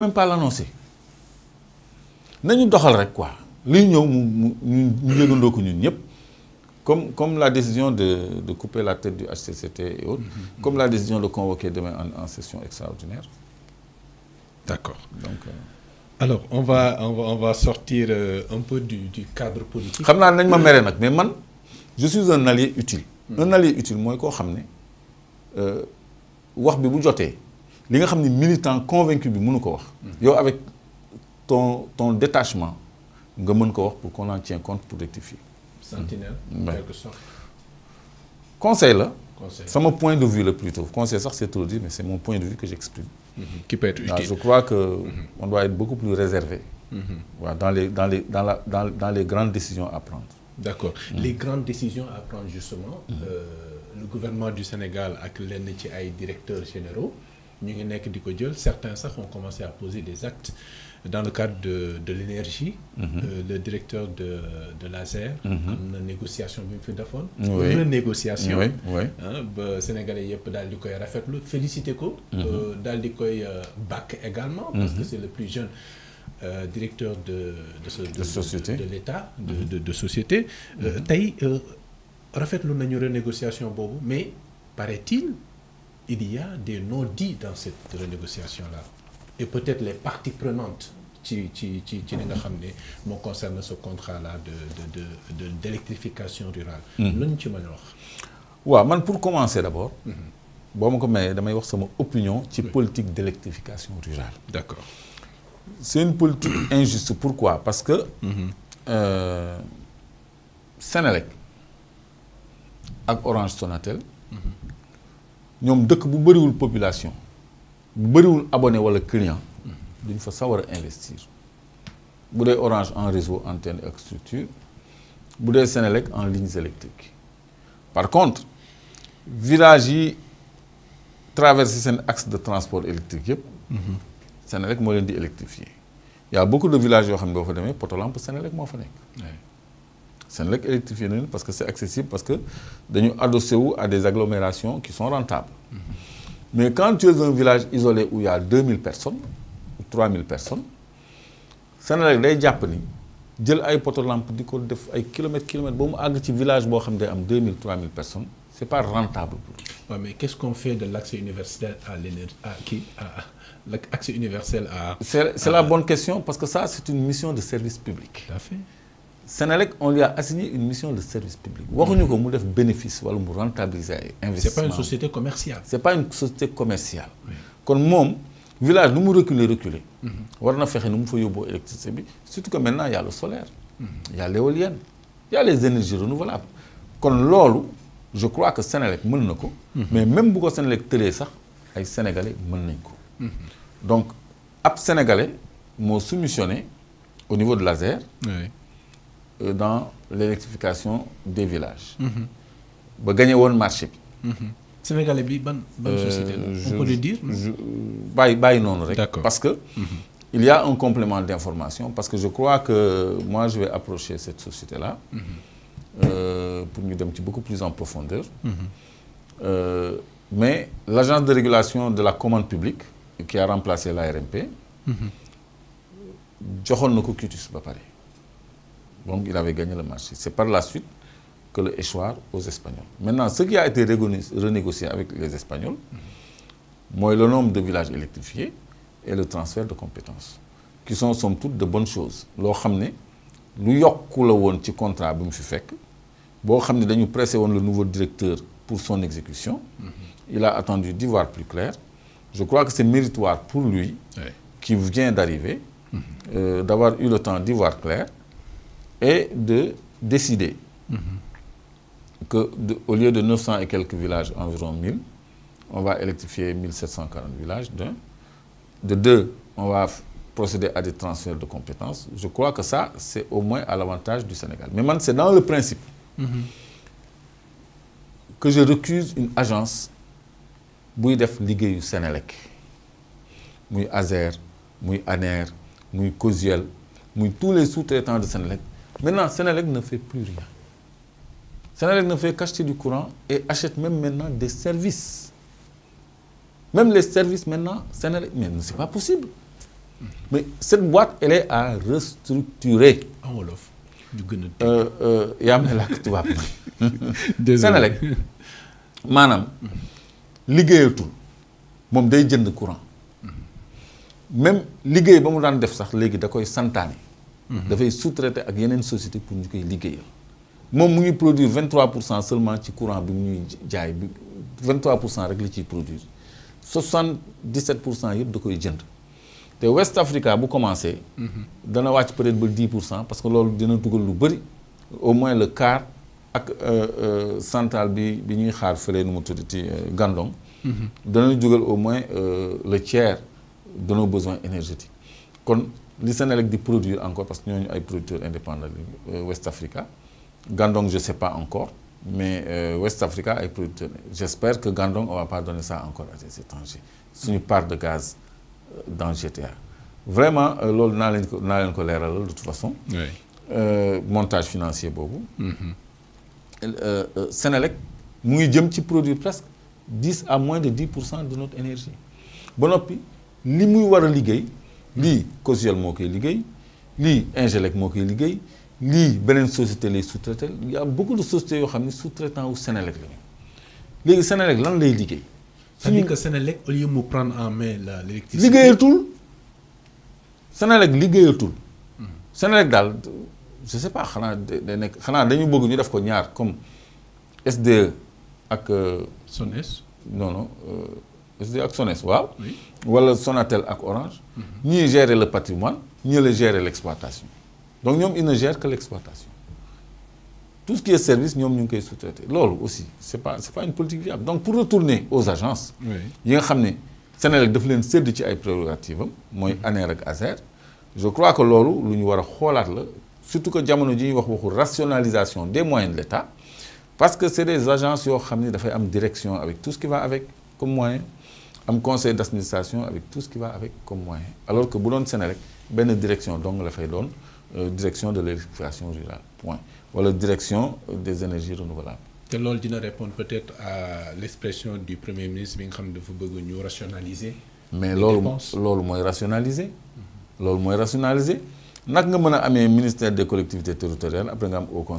même pas l'annoncer Nous quoi Nous comme la décision de couper la tête du HCCT et autres mm-hmm, mm-hmm. comme la décision de convoquer demain en, session extraordinaire d'accord donc euh, alors on va on va sortir euh, un peu du cadre politique. je suis un allié utile. Mm-hmm. un allié utile moi, je sais ne euh, les militants convaincus de militant convaincu bi mënu avec ton ton détachement pour qu'on en tienne compte pour rectifier. sentinelle. Mm-hmm. en quelque sorte. conseil là. C'est mon point de vue le plutôt conseil ça c'est trop dit mais c'est mon point de vue que j'exprime. Mm-hmm. qui peut être utile. je crois que mm-hmm. on doit être beaucoup plus réservé. dans les dans les grandes décisions à prendre. D'accord. Les grandes décisions à prendre justement, euh, le gouvernement du Sénégal avec que directeur directeur généraux, ngi di ko certains ont commencé à poser des actes dans le cadre de l'énergie mhm. euh, le directeur de de l'ASER mhm. am négociation bi mu fi defoon une négociation Hein, ba sénégalais yépp daal di koy félicité ko mhm. euh, daal di euh, également parce que c'est le plus jeune directeur de de de, société de, l'État de de société. tey rafetlu nañu renégociation boobu mais paraît-il il y a des non-dits dans cette renégociation-là. Et peut-être les parties prenantes qui, ce contrat-là d'électrification de, de, rurale. Mhm. pour commencer d'abord, mm mon opinion sur politique d'électrification rurale. D'accord. C'est une politique injuste. Pourquoi Parce que mhm. euh, Sénélec, avec Orange Sonatel, ñom dëkk bu wul population bu wul abonné wala client duñ fa sawara investir bu Orange en réseau antenne et structure bu a Sénélec en lignes électriques par contre village yi traversent un axe de transport électrique yëpp mhm. Sénélec moo leen di y a beaucoup de villages yoo xam ne boo fa Sénélec moo fa c'est un lac électrifié parce que c'est accessible parce que nous adossé à des agglomérations qui sont rentables mm-hmm. mais quand tu es un village isolé où il y a 2000 personnes ou 3000 personnes un day jàpp ni jël ay poto lampe lampes qui def ay kilomètres kilomètres ba un àgg un village où xam am 2000 3000 personnes c'est pas rentable pour ouais, mais qu'est-ce qu'on fait de l'accès universel à l'énergie qui l'accès universel à c'est la bonne question parce que ça c'est une mission de service public tout à fait Sénélec on lui a assigné une mission de service public waxuñu ko mu def bénéfice wala mu rentabiliser investissement c'est pas une société commerciale Ce n'est pas une société commerciale kon le village nous mu reculer reculer nous mhm. na fexe nu nous fa fait électricité surtout que maintenant il y a le solaire mhm. il y a l'éolienne il y a les énergies renouvelables kon loolu je crois que Sénélec mën na mhm. mais même bu ko Sénélec tëlee sax les sénégalais peuvent le ko donc les sénégalais m'ont soumissionné au niveau de l'ASER euh, dans l'électrification des villages. ba gagné un marché bi. Sénégalais bi ban euh, société on peut le dire je parce que. Mhm. il y a un complément d'information parce que je crois que moi je vais approcher cette société là. Mhm. Euh, pour nous donner beaucoup plus en profondeur. Mhm. mais l'agence de régulation de la commande publique qui a remplacé l'ARMP. joxoon na ko ba donc il avait gagné le marché. C'est par la suite que le échoir aux Espagnols. Maintenant, ce qui a été renégocié avec les Espagnols, moi, le nombre de villages électrifiés et le transfert de compétences, qui sont somme toute de bonnes choses. Lo xamné lu yokku la won contrat le nouveau directeur pour son exécution. Mm-hmm. Il a attendu d'y voir plus clair. Je crois que c'est méritoire pour lui qui vient d'arriver mm-hmm. euh, d'avoir eu le temps d'y voir clair et de décider que, au lieu de 900 et quelques villages, environ 1000, on va électrifier 1740 villages, De, De deux, on va procéder à des transferts de compétences. Je crois que ça, c'est au moins à l'avantage du Sénégal. Mais maintenant c'est dans le principe que je recuse une agence buy def Sénélec muy Azer, ANER muy COSUEL tous les sous-traitants de Sénélec Maintenant, Sénélec ne fait plus rien. Sénélec ne fait qu'acheter du courant et achète même maintenant des services. Même les services maintenant, Sénélec, mais n'est pas possible. Mais cette boîte, elle est à restructurer. En ah, Wolof. Euh, euh, yaa ma Sénélec. Madame, Senelec tout, liggéeyatul moom day jënd courant même liggéey ba mu daan def sax léegi da koy santaane Mhm. faut sous-traiter ak une société pour nous koy liggéeyal moom mu produit 23 seulement ci courant bi 23 pour qui rek 77 est de yëpp da koy jënd te West Africa bu commencé. Mhm. dana a peut-être 10 parce que loolu nous dugal lu bëri au moins le quart ak euh, euh, centrale bi bi fait xaar fële nu mu tuddati euh, mhm. au moins le tiers de nos besoins énergétiques les Sénélec produisent produire encore parce que sont des producteurs indépendants de euh, West Africa Gandong je ne sais pas encore mais euh, West Africa est j'espère que Gandong ne va pas donner ça encore à des étrangers C'est une part de gaz euh, dans GTA vraiment nous n'a une ko colère de toute façon. montage financier beaucoup. Mm-hmm. Sénélec il ngi jëm presque 10 à moins de 10% de notre énergie puis, noppi li muy a li Cosiel les koy liggéey Ingelec koy il sous y a beaucoup de sociétés qui sous-traitant au Sénélec la ñu sénégal. lan lay c'est-à-dire que Sénélec au lieu mo prendre en main l'électricité liggéeyatul sénégal sont. Sénélec hmm. je sais pas dañu bëgg ñu comme SDE ak. Euh, non non. Euh, son ak ou waaw. wala Sonatel ak Orange. ni mhm. gérer le patrimoine ni la gérer l'exploitation donc ils ne gèrent que l'exploitation tout ce qui est service ils ñu ngi koy sous-traiter loolu aussi c' pas pas une politique viable donc pour retourner aux agences. yi nga xam ne Sénélec daf leen sédd ci ay prérogatives am mhm. ANER ak je crois que loolu lu ñu war a la surtout que jamono ji ñuy wax waxu rationalisation des moyens de l'État parce que c'est des agences qui ont ne dafay direction avec tout ce qui va avec comme moyen un conseil d'administration avec tout ce qui va avec comme moyen alors que boulogne doon ben direction donc la fay euh, direction de l'éducation rurale point la direction des énergies renouvelables. que loolu dina répondre peut-être à l'expression du premier ministre bi nga de ne bëgg rationaliser. mais loolu loolu mooy rationaliser. loolu mooy rationaliser nag nga mën a ministère des collectivités territoriales après nga am au conseil.